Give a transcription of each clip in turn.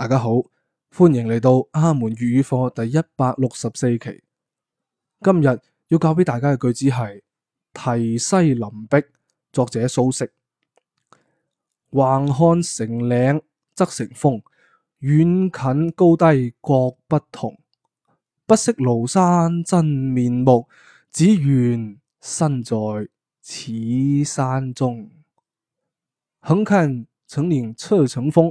大家好，歡迎嚟到阿門粵語課第一百六十四期。今日要教俾大家嘅句子係《題西林壁》，作者蘇軾。橫看成嶺側成峰，遠近高低各不同。不識廬山真面目，只緣身在此山中。橫看成嶺側成峰。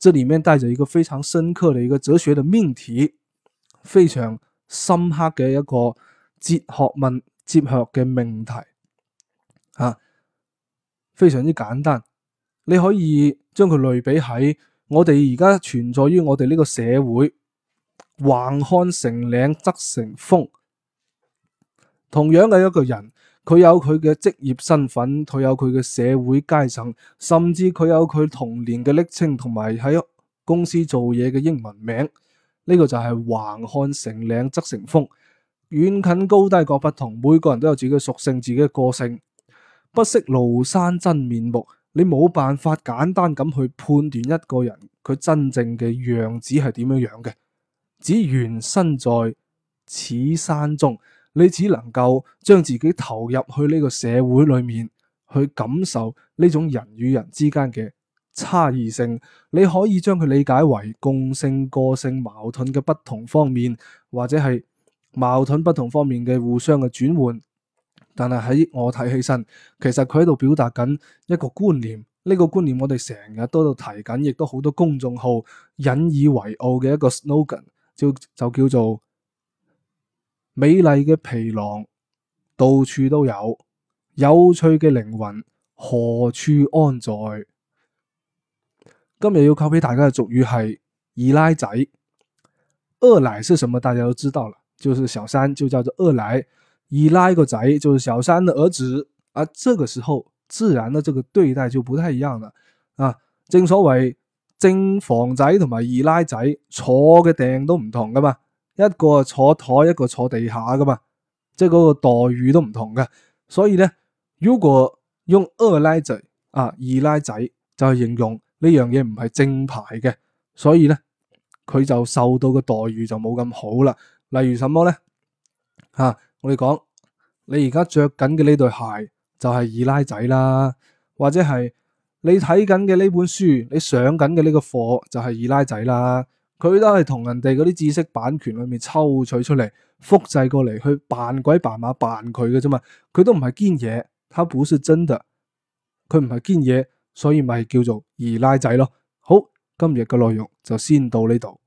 這裏面帶着一個非常深刻的一個哲學的命題，非常深刻嘅一個哲學問哲學嘅命題，啊，非常之簡單，你可以將佢類比喺我哋而家存在於我哋呢個社會，橫看成嶺側成峰，同樣嘅一個人。佢有佢嘅職業身份，佢有佢嘅社會階層，甚至佢有佢童年嘅昵稱，同埋喺公司做嘢嘅英文名。呢、這個就係橫看成嶺側成峰，遠近高低各不同。每個人都有自己嘅屬性，自己嘅個性。不識廬山真面目，你冇辦法簡單咁去判斷一個人佢真正嘅樣子係點樣樣嘅。只緣身在此山中。你只能夠將自己投入去呢個社會裡面，去感受呢種人與人之間嘅差異性。你可以將佢理解為共性、個性矛盾嘅不同方面，或者係矛盾不同方面嘅互相嘅轉換。但係喺我睇起身，其實佢喺度表達緊一個觀念。呢個觀念我哋成日都度提緊，亦都好多公眾號引以為傲嘅一個 slogan，就就叫做。美麗嘅皮囊到處都有，有趣嘅靈魂何處安在？今日要教俾大家嘅俗語係二奶仔，二奶是什麼？大家都知道啦，就是小三，就叫做二奶。二奶個仔就是小三的兒子，而、啊、這個時候自然的這個對待就不太一樣啦。啊，正所謂正房仔,仔同埋二奶仔坐嘅凳都唔同噶嘛。一個坐台，一個坐地下噶嘛，即係嗰個待遇都唔同嘅。所以咧，如果用二奶仔啊，二奶仔就係、是、形容呢樣嘢唔係正牌嘅，所以咧，佢就受到嘅待遇就冇咁好啦。例如什麼咧？吓、啊，我哋講，你而家着緊嘅呢對鞋就係二奶仔啦，或者係你睇緊嘅呢本書，你上緊嘅呢個課就係二奶仔啦。佢都係同人哋嗰啲知識版權裏面抽取出嚟，複製過嚟去扮鬼扮馬扮佢嘅啫嘛，佢都唔係堅嘢，他不是真的，佢唔係堅嘢，所以咪叫做二奶仔咯。好，今日嘅內容就先到呢度。